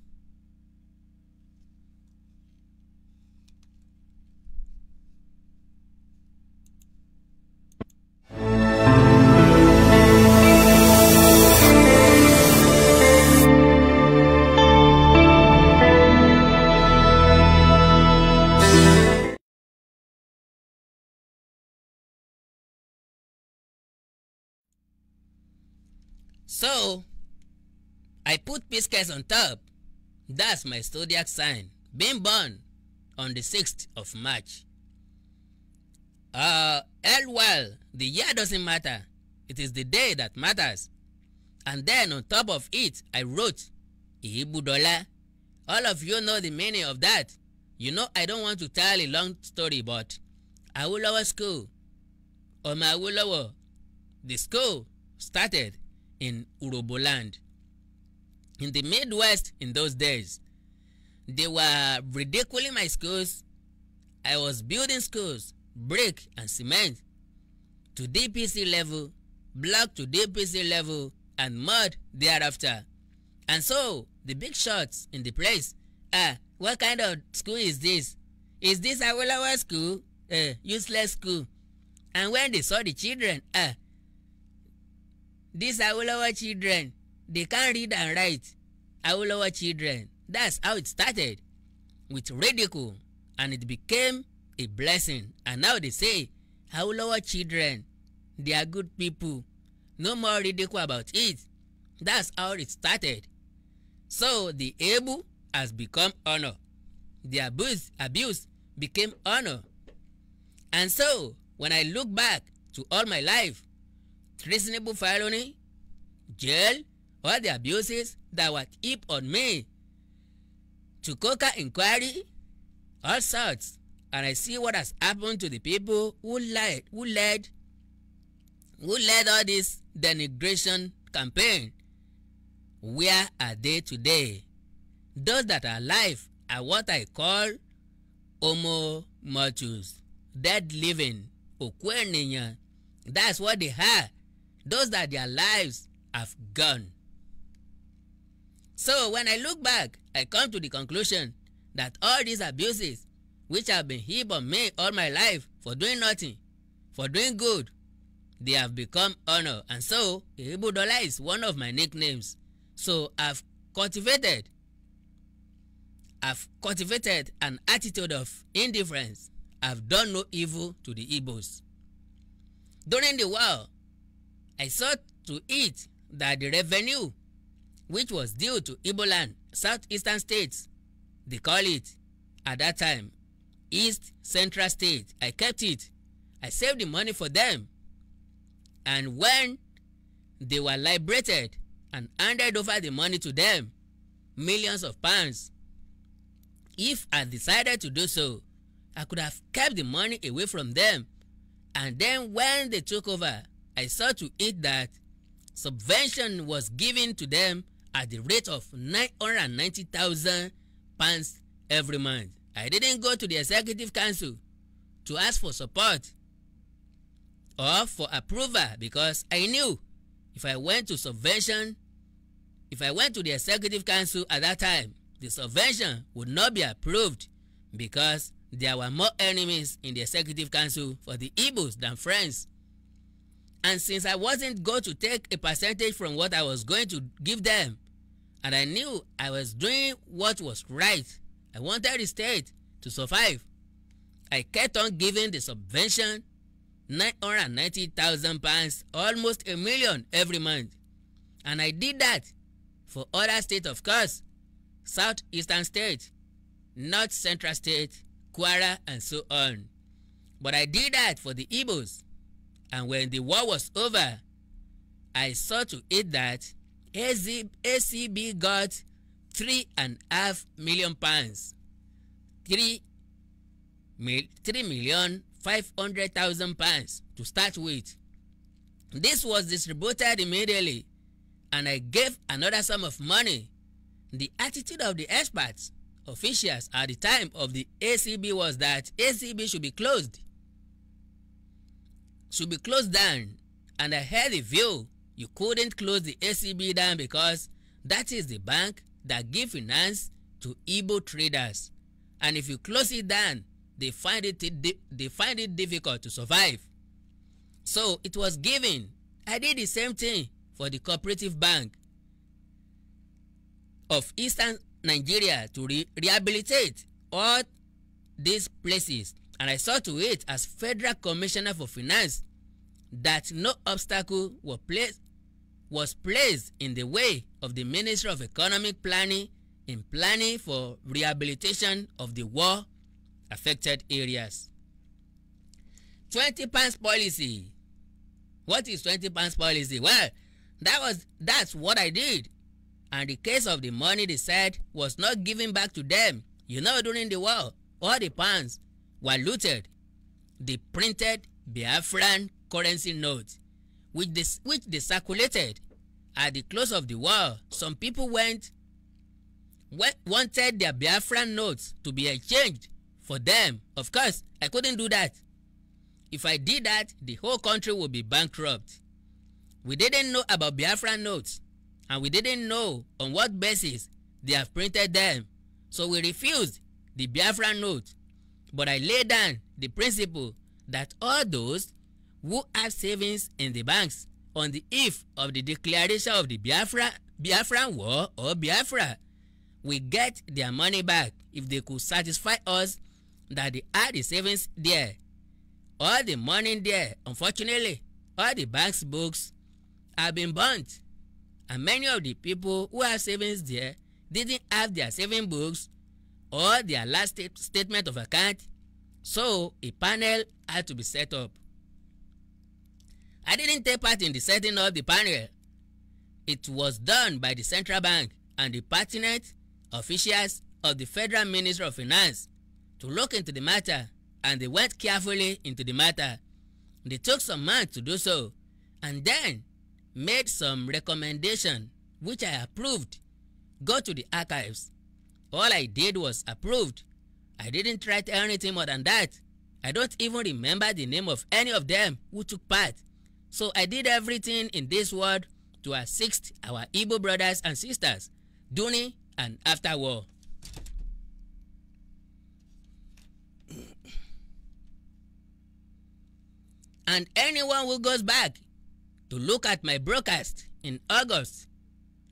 So, I put Pisces on top. That's my zodiac sign. Being born on the 6th of March. Uh, held well, the year doesn't matter. It is the day that matters. And then on top of it, I wrote Ibudola. All of you know the meaning of that. You know I don't want to tell a long story but Awolowo school Ọmọ Awolowo the school started in Uroboland in the Midwest in those days. They were ridiculing my schools. I was building schools, brick and cement, to DPC level, block to DPC level, and mud thereafter. And so, the big shots in the place ah, what kind of school is this? Is this Awolowo school? Uh, useless school. And when they saw the children, ah, these Awolowo children, They can read and write. Awolowo children. That's how it started with ridicule and it became a blessing. And now they say Awolowo children they are good people. No more ridicule about it. That's how it started. So the able has become honor. The abuse abuse became honor. And so when I look back to all my life, treasonable felony, jail, all the abuses that were heaped on me to conquer inquiry all sorts and I see what has happened to the people who led who led who led all this denigration campaign where are they today those that are alive are what I call homo mortus dead living òkú ènìyàn that's what they are those that their lives have gone So when I look back, I come to the conclusion that all these abuses which have been heaped on me all my life for doing nothing, for doing good, they have become honor. And so, Ibudola is one of my nicknames. So I've cultivated, I've cultivated an attitude of indifference. I've done no evil to the Igbos. During the war, I sought to eat that the revenue which was due to Iboland, southeastern states. They call it, at that time, East Central State. I kept it. I saved the money for them. And when they were liberated and handed over the money to them, millions of pounds, if I decided to do so, I could have kept the money away from them. And then when they took over, I saw to it that subvention was given to them at the rate of nine hundred and ninety thousand pounds every month. I didn't go to the executive council to ask for support or for approval because I knew if I went to subvention, if I went to the executive council at that time, the subvention would not be approved because there were more enemies in the executive council for the Igbos than friends. And since I wasn't going to take a percentage from what I was going to give them, and I knew I was doing what was right. I wanted the state to survive. I kept on giving the subvention, 990,000 pounds, almost a million every month. And I did that for other states, of course, southeastern states, north central state, Kwara, and so on. But I did that for the Igbos. And when the war was over, I saw to it that ACB got three and a half million pounds three three million five hundred thousand pounds to start with. This was distributed immediately and I gave another sum of money. The attitude of the experts, officials at the time of the ACB was that ACB should be closed, should be closed down and I held the view You couldn't close the SCB e down because that is the bank that give finance to Igbo traders. And if you close it down, they find it they find it difficult to survive. So it was given. I did the same thing for the cooperative bank of Eastern Nigeria to re rehabilitate all these places and I saw to it as Federal Commissioner for Finance that no obstacle were placed was placed in the way of the Ministry of Economic Planning in planning for rehabilitation of the war affected areas. Twenty pounds policy. What is twenty pounds policy? Well, that was that's what I did. And the case of the money they said was not given back to them. You know, during the war, all the pounds were looted. They printed Biafran currency notes which they, which they circulated at the close of the war some people went, wanted their Biafran notes to be exchanged for them of course I couldn't do that if I did that the whole country would be bankrupt we didn't know about Biafran notes and we didn't know on what basis they have printed them so we refused the Biafran note but I laid down the principle that all those who have savings in the banks on the eve of the declaration of the Biafra Biafra war or Biafra we get their money back if they could satisfy us that they had the savings there all the money there unfortunately all the bank's books have been burnt and many of the people who have savings there didn't have their saving books or their last statement of account so a panel had to be set up I didn't take part in the setting up the panel. It was done by the central bank and the pertinent officials of the Federal Ministry of Finance to look into the matter and they went carefully into the matter. They took some months to do so and then made some recommendation which I approved. Go to the archives. All I did was approved. I didn't write anything more than that. I don't even remember the name of any of them who took part So I did everything in this world to assist our Igbo brothers and sisters during and after war. and anyone who goes back to look at my broadcast in August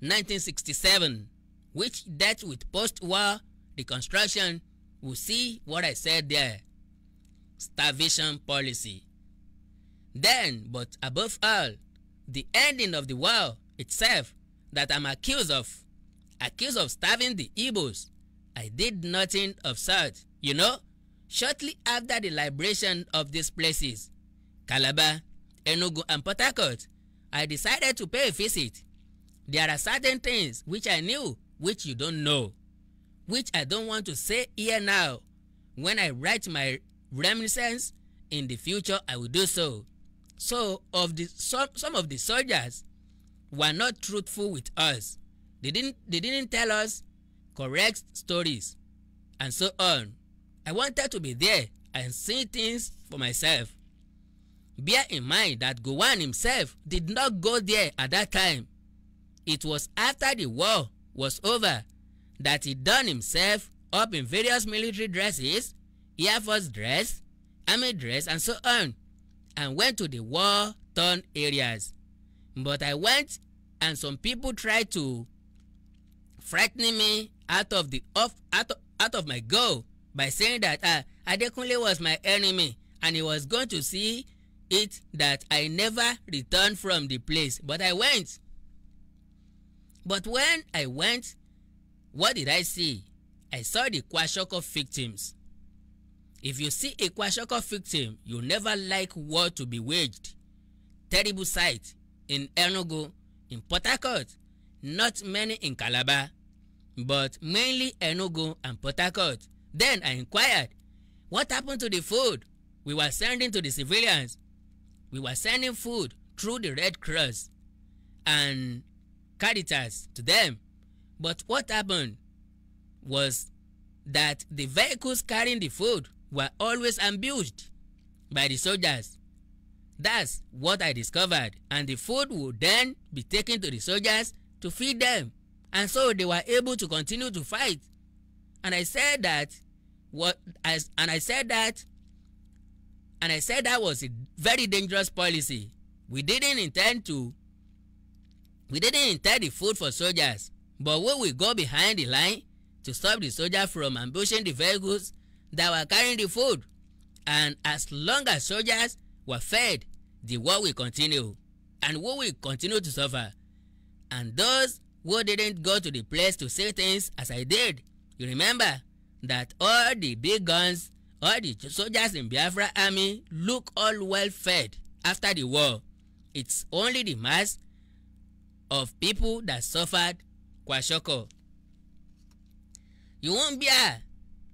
1967, which dealt with post-war reconstruction, will see what I said there. Starvation policy. Then, but above all, the ending of the war itself that I'm accused of, accused of starving the Igbos. I did nothing of such, you know. Shortly after the liberation of these places, Calabar, Enugu, and Port Harcourt, I decided to pay a visit. There are certain things which I knew which you don't know, which I don't want to say here now. When I write my reminiscence in the future, I will do so. So of the some, some of the soldiers were not truthful with us. They didn't they didn't tell us correct stories and so on. I wanted to be there and see things for myself. Bear in mind that Gowan himself did not go there at that time. It was after the war was over that he donned himself up in various military dresses, Air Force dress, army dress and so on and went to the war-torn areas. But I went and some people tried to frighten me out of the off out of, out of my goal by saying that ah Adekunle was my enemy and he was going to see it that I never returned from the place. But I went. But when I went, what did I see? I saw the Kwashiorkor victims If you see a Kwashiorkor victim, you never like war to be waged. Terrible sight in Enugu, in Port Harcourt, not many in Calabar, but mainly Enugu and Port Harcourt. Then I inquired, what happened to the food we were sending to the civilians? We were sending food through the Red Cross and Caritas to them. But what happened was that the vehicles carrying the food were always ambushed by the soldiers. That's what I discovered and the food would then be taken to the soldiers to feed them and so they were able to continue to fight. And I said that what as and I said that and I said that was a very dangerous policy. We didn't intend to we didn't intend the food for soldiers but we will go behind the line to stop the soldier from ambushing the vehicles that were carrying the food and as long as soldiers were fed the war will continue and we will continue to suffer and those who didn't go to the place to say things as I did you remember that all the big guns all the soldiers in Biafra army look all well fed after the war it's only the mass of people that suffered Kwashoko. You won't be here.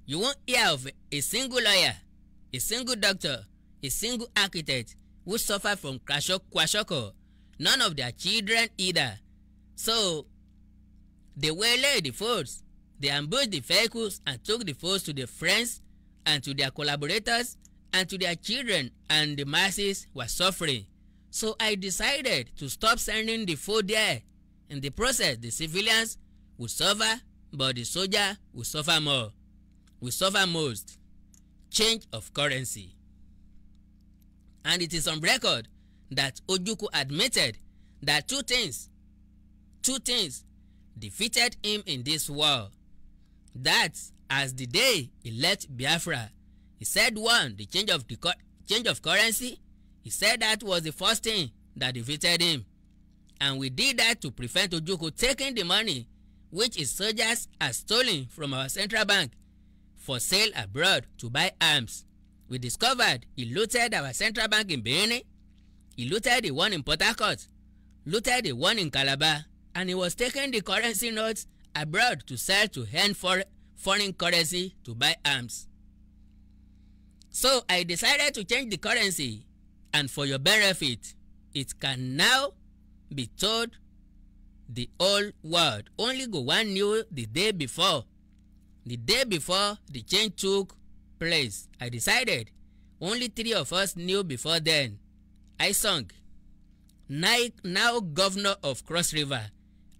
You won't hear of a single lawyer, a single doctor, a single architect who suffered from kwashiorkor, none of their children either. So they waylaid the foes, they ambushed the vehicles and took the foes to their friends and to their collaborators and to their children and the masses were suffering. So I decided to stop sending the foe there. In the process, the civilians would suffer, but the soldier would suffer more we suffer most change of currency and it is on record that Ojukwu admitted that two things two things defeated him in this war that as the day he left Biafra he said one the change of the change of currency he said that was the first thing that defeated him and we did that to prevent Ojukwu taking the money which his soldiers had stolen from our central bank for sale abroad to buy arms. We discovered he looted our central bank in Benin. He looted the one in Port Harcourt, looted the one in Calabar, and he was taking the currency notes abroad to sell to earn for foreign currency to buy arms. So I decided to change the currency and for your benefit, it can now be told the whole world. Only one new the day before The day before the change took place, I decided only three of us knew before then. I sung. Now governor of Cross River,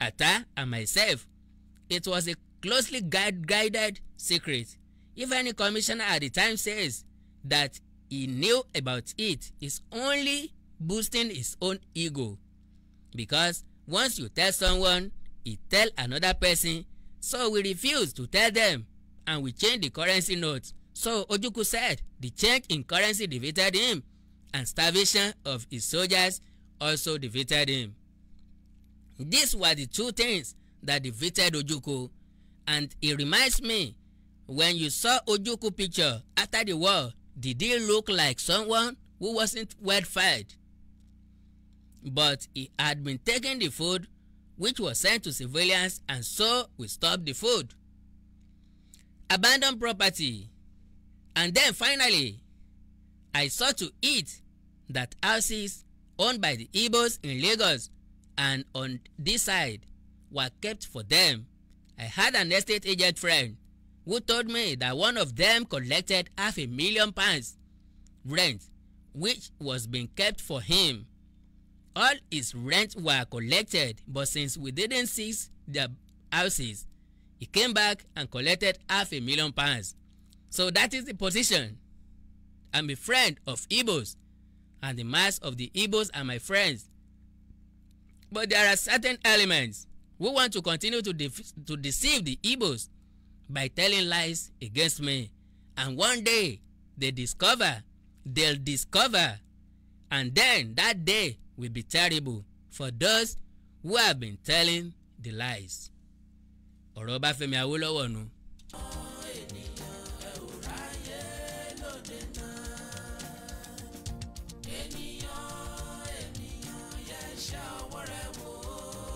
Ata and myself, it was a closely guide guided secret. If any commissioner at the time says that he knew about it, it's only boosting his own ego. Because once you tell someone, he tell another person So we refused to tell them and we changed the currency note. So Ojukwu said the change in currency defeated him and starvation of his soldiers also defeated him. These were the two things that defeated Ojukwu and it reminds me when you saw Ojukwu picture after the war did he look like someone who wasn't well fed? But he had been taking the food which was sent to civilians and so we stopped the food. Abandoned property. And then finally, I saw to it that houses owned by the Igbos in Lagos and on this side were kept for them. I had an estate agent friend who told me that one of them collected half a million pounds rent which was being kept for him all his rent were collected but since we didn't seize their houses he came back and collected half a million pounds so that is the position I'm a friend of Igbos and the mass of the Igbos are my friends but there are certain elements we want to continue to, de to deceive the Igbos by telling lies against me and one day they discover they'll discover and then that day will be terrible for those who have been telling the lies. ọ̀rọ̀ Ọbáfẹ́mi Awólọ́wọ̀ nu.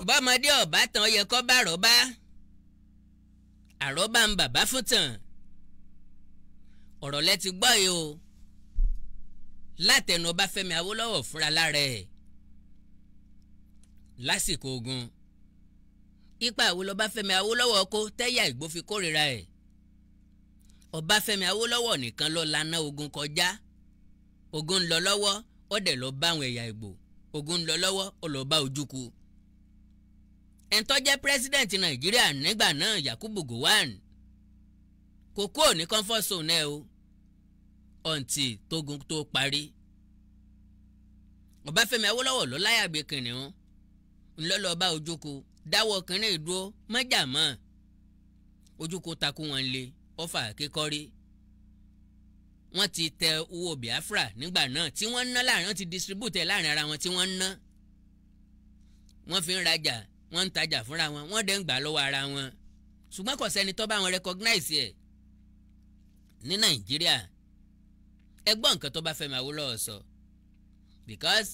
bọ́mọdé ọ̀bátan yẹ kọ́ bá rọ́bá àrọ́bá ń bàbá fún tàn ọ̀rọ̀ lẹ ti gbọ́ yìí o látẹnu Ọbáfẹ́mi Awólọ́wọ̀ fúnra lára ẹ̀ lásìkò ogun ipa wo lọ́báfẹ́mi Awólọ́wọ̀ kó tẹ́yà Ìgbò fi kórìíra ẹ̀ Ọbáfẹ́mi Awólọ́wọ̀ nìkan ló lànà ogun kọjá ogun ń lọ lọ́wọ́ ó dẹ̀ lọ bá àwọn ẹ̀yà Ìgbò ogun ń lọ lọ́wọ́ ó lọ bá Ojúkù ẹni tó jẹ́ Nàìjíríà nígbà náà Yakubu Gowon kò kúrò ní comfort zone o ọ̀ǹtì tógun tó parí Ọbáfẹ́mi Awólọ́wọ̀ ló láyà kìnìún ńlọ́lọ́ba ojoko dáwọ́ kínní ìdúró mọ́jà mọ́ ojoko takú wọn lé ọfà kékọ́rí wọ́n ti tẹ owó Biafra nígbà náà tí wọ́n ná láàrin wọ́n ti distribute ẹ̀ láàrin ara wọn tí wọ́n ń ná wọ́n fi ń rajà wọ́n ń tajà fúnra wọn wọ́n dẹ̀ ń gbà lọ́wọ́ ara wọn ṣùgbọ́n kò sẹ́ni tó wọn recognize ẹ̀ ní Nàìjíríà ẹ nǹkan tó bá Fẹ́mi Awólọ́wọ̀ sọ because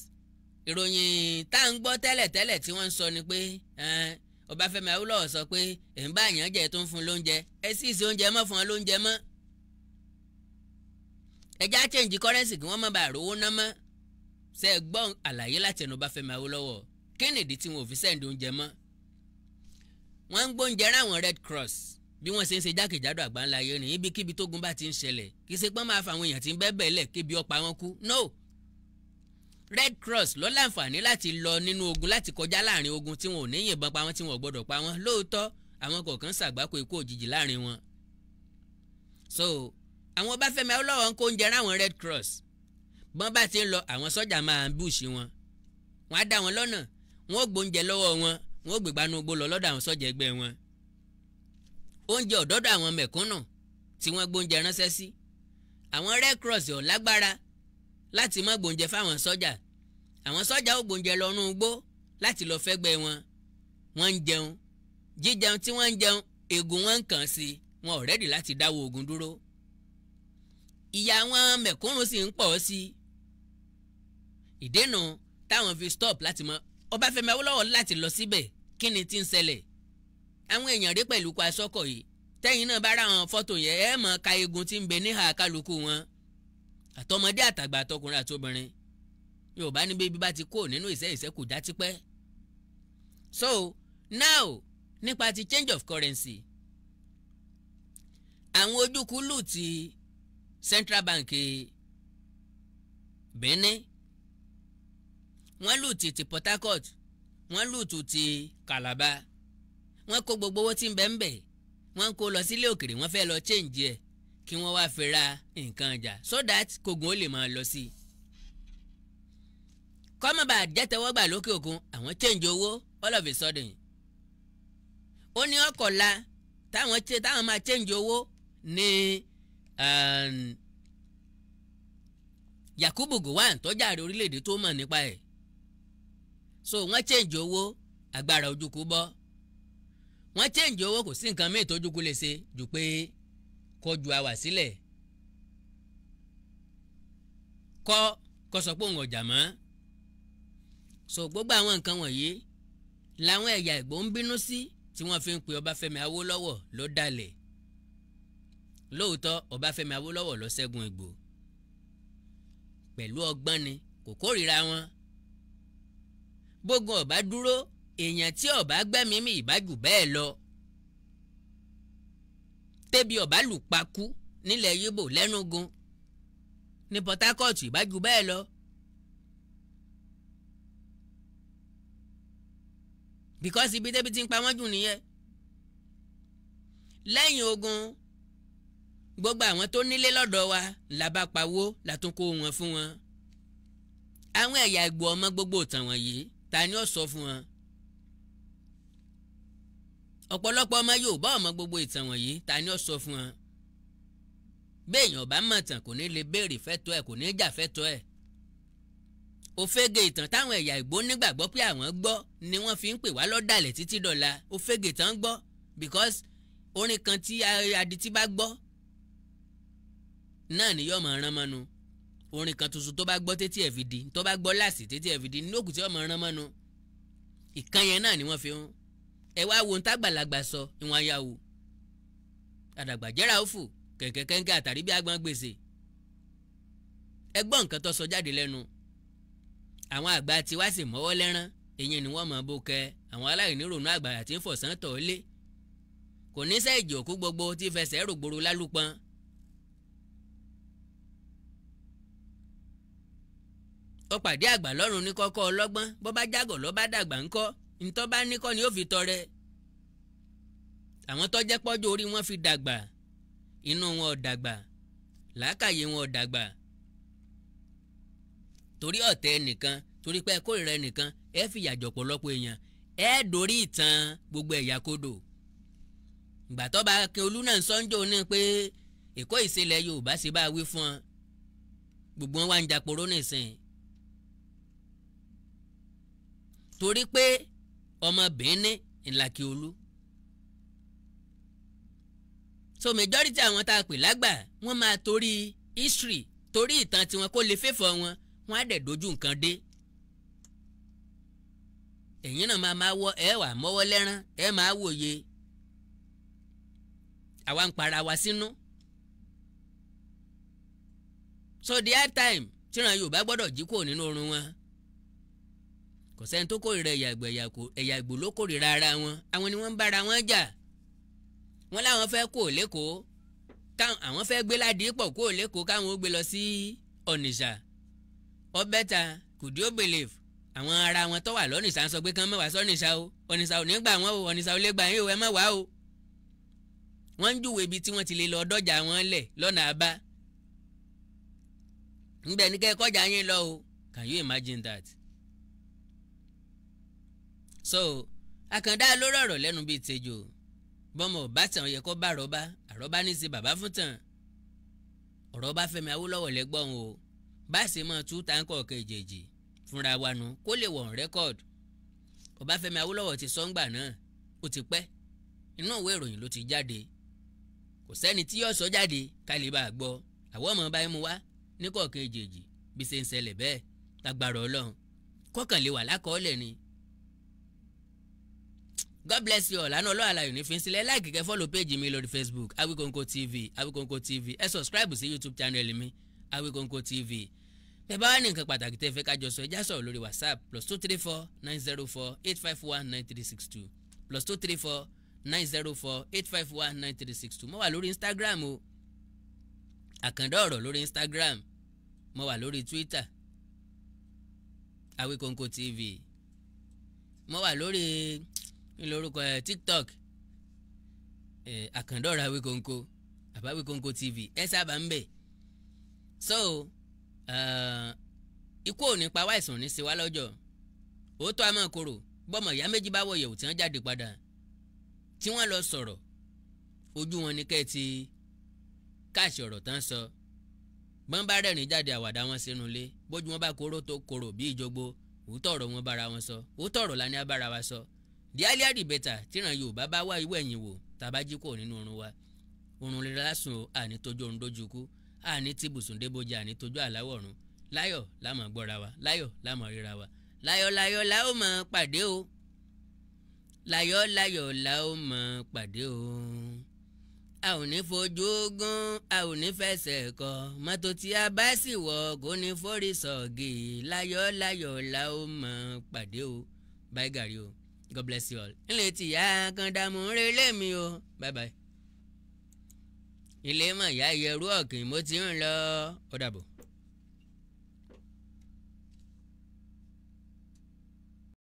ìròyìn tá à ń gbọ́ tẹ́lẹ̀tẹ́lẹ̀ tí wọ́n ń sọ ni pé Ọbáfẹ́mi Awólọ́wọ̀ sọ pé ẹ̀ ń bá àyàn jẹ tó ń fún lóúnjẹ ẹ sì ṣe oúnjẹ mọ́ fún ọ lóúnjẹ mọ́ ẹjá change currency kí wọ́n má bàa rówó ná mọ́ ṣe é gbọ́ àlàyé láti ẹnu Ọbáfẹ́mi Awólọ́wọ̀ kí nìdí tí wọn ò fi sẹ́ǹdì oúnjẹ mọ́ wọ́n ń gbóúnjẹ ráwọn Red Cross bí wọ́n ṣe ń ṣe jákèjádò àgbáńlá ayé ni ibikíbi tógun bá ti ń ṣẹlẹ̀ kì í ṣe pọ́n máa fa àwọn èèyàn tí ń bẹ́ẹ̀ bẹ́ẹ̀ lẹ̀ kébi ọ̀pá wọn kú no Red Cross ló láǹfààní láti lọ nínú ogun láti kọjá láàrin ogun tí wọn ò ní yìnbọn pa wọn tí wọn ò gbọdọ̀ pa wọn lóòótọ́ àwọn kọ̀ọ̀kan ṣàgbákò ikú òjijì láàrin wọn. so àwọn Ọbáfẹ́mi Awólọ́wọ̀ ń kó oúnjẹ ráwọn Red Cross bọ́n bá ti ń lọ àwọn sọ́jà máa ń búùsì wọn wọn á dá wọn lọ́nà wọn ó gbóúnjẹ lọ́wọ́ wọn wọn ó gbégbá nu gbólọ lọ́dọ̀ àwọn sọ́jà ẹgbẹ́ wọn oúnjẹ ọ̀dọ́dọ̀ àwọn mẹ̀kúnnù tí wọ́n gbóúnjẹ ránṣẹ́ sí àwọn Red Cross ò lágbára láti má gbòǹjẹ fáwọn sọ́jà àwọn sọ́jà ó gbòǹjẹ lọ́nú igbó láti lọ́ọ́ fẹ́gbẹ́ wọn wọ́n ń jẹun jíjẹun tí wọ́n ń jẹun ègún wọn ń kàn sí wọn ò rẹ́dì láti dáwọ́ ogun dúró ìyà àwọn mẹ̀kúnnù sì ń pọ̀ sí i ìdènà táwọn fi stop láti mọ Ọbáfẹ́mi Awólọ́wọ̀ láti lọ síbẹ̀ kí ni ti ń ṣẹlẹ̀ àwọn èèyàn rí pẹ̀lú Kwaṣọ́kọ̀ yìí tẹ́yìn náà bá ra àwọn fọ́tò yẹn ẹ ka egun tí ń bẹ níhà kálukú wọn àtọmọdé àtàgbà àtọkùnrin àtobìnrin yorùbá ní bíbí bá ti kó nínú ìṣe ìṣe kò já tipẹ́ so now nípa ti change of currency àwọn ojúkúlù ti central bank benin wọ́n lù ti ti port harcourt wọ́n lù tù ti calabar wọ́n kó gbogbo owó tí ń bẹ ń bẹ wọ́n kó lọ sílé òkèrè wọ́n fẹ́ lọ change ẹ̀ kí wọ́n wá fi ra nǹkan ọjà so that kogun ó lè máa lọ sí i kọ́mọ̀bà jẹ́tẹ̀wọ́gbà lókè òkun àwọn change owó all of a sudden ó ní ọkọ̀la táwọn táwọn máa change owó ní um, Yakubu Gowon tó jàre orílẹ̀-èdè tó mọ̀ nípa ẹ̀ so wọ́n change owó agbára ojúkú bọ́ wọ́n change owó kò sí nǹkan míì tójúkú lè ṣe jù pé kọjú àwà sílẹ̀ kọ́ kọ́sọ́ pé òun ọ̀jà mọ́ so gbogbo àwọn nǹkan wọ̀nyí làwọn ẹ̀yà Ìgbò ń bínú sí tí wọ́n fi ń pe Ọbáfẹ́mi Awólọ́wọ̀ ló dalẹ̀ lóòótọ́ Ọbáfẹ́mi Awólọ́wọ̀ ló ṣẹ́gun Ìgbò pẹ̀lú ọgbọ́n ni kò kórìíra wọn bógun ọ̀bá dúró èèyàn tí ọ̀bá gbẹ́mìí mi ìbájú bẹ́ẹ̀ lọ pébi ọ̀bá lù pakú nílẹ̀ yíbò lẹ́nugun ní Port Harcourt ìbájú bẹ́ẹ̀ lọ. because ibi débi ti ń pa wọ́n jù nìyẹn lẹ́yìn ogun gbogbo àwọn tó nílé lọ́dọ̀ wa la pawó la kó wọn fún wọn àwọn ẹ̀yà Ìgbò ọmọ gbogbo ìtàn wọ̀nyí ta ni ó sọ fún wọn ọ̀pọ̀lọpọ̀ ọmọ Yorùbá ọmọ gbogbo ìtàn wọ̀nyí ta ni ó sọ fún wọn béèyàn bá mọ̀ tàn kò ní lè béèrè fẹ́tọ́ ẹ̀ kò ní jà fẹ́tọ́ ẹ̀ òfégè ìtàn táwọn ẹ̀yà Ìgbò nígbàgbọ́ pé àwọn gbọ́ ni wọ́n fi ń pè wá lọ́dàlẹ̀ títí dọ̀la òfégè tán gbọ́ because orin kan tí adití bá gbọ́ náà ni yóò máa rán mọ́nu orin kan tuntun tó bá gbọ́ tètè ẹ̀ fìdí tó bá gbọ́ láàsì tètè ẹ̀ fìdí ní òkú tí rán mọ́nu ìkan yẹn náà ni wọ́n fi ń ẹ wá wo ntàgbàlagbà sọ ìwọ̀n ya o àdàgbà jẹ́ra òfò kẹ̀kẹ́ kẹ́ńkẹ́ àtàrí bí agbọ́n gbèsè ẹ gbọ́ nǹkan tó sọ jáde lẹ́nu àwọn àgbà tí wá sì mọ́wọ́ lẹ́rán ìyẹn ni wọ́n mọ̀ bó kẹ àwọn aláìní ronú àgbà àti ń fọ̀sán tọ̀ ọ́ lé kò ní sẹ́ẹ̀jì òkú gbogbo tí fẹsẹ̀ rògbòrò lálùpọ̀n ó pàdé àgbà lọ́rùn ní kọ́kọ́ ọlọ́gbọ́n bó bá jágọ̀ ló bá dàgbà ńkọ́ ntọ́ bá ní kọ́ ni ó fi tọrẹ àwọn tọ́jẹ́ pọ́jọ́ orí wọn fi dàgbà inú wọn ò dàgbà làákàyè wọn ò dàgbà torí ọ̀tẹ̀ ẹnìkan torí pé kórìíra ẹnìkan ẹ fìyà jẹ ọ̀pọ̀lọpọ̀ èèyàn ẹ dorí ìtàn gbogbo ẹ̀yà kodò gbàtọ́ bá Akíọlú náà sọ́njọ́ ní pé èkó ìṣẹ̀lẹ̀ Yorùbá sì bá wí fún ọ gbogbo wọn wá ń jà nìsín torí pé ọmọbìnrin ńlákiolú so majority àwọn tá a pè lágbà wọ́n máa torí history torí ìtàn tiwọn kó lè fẹ́fọ́ wọn wọ́n á dẹ̀ dojú nǹkan dé ẹ̀yin náà máa máa wọ ẹ wà mọ́wọ́ lẹ́rán ẹ máa wòye àwa ń para wa sínú so the hard time tíran Yorùbá gbọ́dọ̀ jí kúrò nínú oorun wọn. kò sẹ́ni tó kórìíra ẹ̀yà Ìgbò ló kórìíra ara wọn àwọn ni wọ́n ń bára wọn jà wọ́n láwọn fẹ́ kó lẹ́kọ̀ọ́ àwọn fẹ́ gbé Ládìípọ̀ kó lẹ́kọ̀ọ́ káwọn ó gbé lọ sí Onitsha ọbẹ̀ ta could you believe àwọn ara wọn tó wà lọ́nìṣà ń sọ pé kán mẹ́wàá sọ́nìṣà o Onitsha ò ní wọn lẹ̀ lọ́nà kẹ́ yín lọ o can so àkàndá ló rọ̀rọ̀ lẹ́nu bíi tejò bọ́mọ ọba tàn yẹ kó bá àrọ́bá àrọ́bá ní sí bàbá fún tàn ọ̀rọ̀ bá Fẹ́mi Awólọ́wọ̀ lẹ́gbọ̀n o bá a ṣe mọ̀ tú táǹkọ̀ kejèèjì fúnra wa nu kó lè wọ̀n rẹ́kọ̀d Ọbáfẹ́mi Awólọ́wọ̀ ti sọ́ngbà náà ó ti pẹ́ inú ìwé ìròyìn ló ti jáde kò sẹ́ni tí yóò sọ jáde ká lè bá a gbọ́ àwọn ọmọ báyìí mu wá ní kọ̀ọ̀kan èjèèjì bí ṣe ń ṣẹlẹ̀ bẹ́ẹ̀ tagbára ọlọ́run kọ́kànlé wà lákọọ́lẹ̀ ni god bless you all àná ọlọ́run alayọ̀ ní finsílẹ̀ like kẹ́ follow page mi lórí facebook awikonko tv awikonko tv ẹ subscribe sí youtube channel mi awikonko tv bẹ́ẹ̀ bá wà ní nǹkan pàtàkì tẹ́ fẹ́ kájọ sọ ẹ já sọ̀rọ̀ lórí whatsapp plus two three four nine zero four eight five one nine three six two plus two three four nine zero four eight five one nine three six two mo wà lórí instagram o àkàndá ọ̀rọ̀ lórí instagram mo wà lórí twitter awikonko tv mo wà lórí lórúkọ ẹ tiktok ẹ àkàndọ̀rọ̀ Awikonko àbá Awikonko tv ẹ sábà ń bẹ̀ so ikú ò ní pa wá ìsùn ní siwa lọ́jọ́ òótọ́ a máa korò bọ́mọ̀ ìyá méjì bá wọ̀yẹ̀wò tí wọ́n jáde padà tí wọ́n lọ sọ̀rọ̀ ojú wọn ni kẹ́ ẹ ti káàṣì ọ̀rọ̀ tán sọ bọ́n bá rẹ́rìn jáde àwàdà wọn sínú ilé bójú wọn bá korò tó korò bí ìjọgbó òótọ́ ọ̀rọ̀ wọn bára wọn sọ òótọ́ ọ̀rọ̀ la ní abára wa sọ so the earlier the better tíran yorùbá bá wá ìwé ẹ̀yìn wò tàbá kò nínú oorun wa oorun rere lásùn o àní tójú oorun dójú kú àní tí ibùsùn débòjì àní tójú àláwọ̀ ọ̀run láyọ̀ la máa gbọ́ra wa láyọ̀ la máa ríra wa láyọ̀ láyọ̀ la ó pàdé o láyọ̀ láyọ̀ la ó pàdé o a ò ní fojú gún a ò ní fẹsẹ̀ kọ mọ́tò tí a bá sì wọ̀ kò ní forí sọ̀gì láyọ̀ láyọ̀ la ó pàdé o báyìí gàrí o. God bless you all. ilé tí ìyá Akandàmú relé mi o bye bye. ilé mọ̀ ìyá ìyẹ̀rú ọ̀kìn mo ti ń lọ ó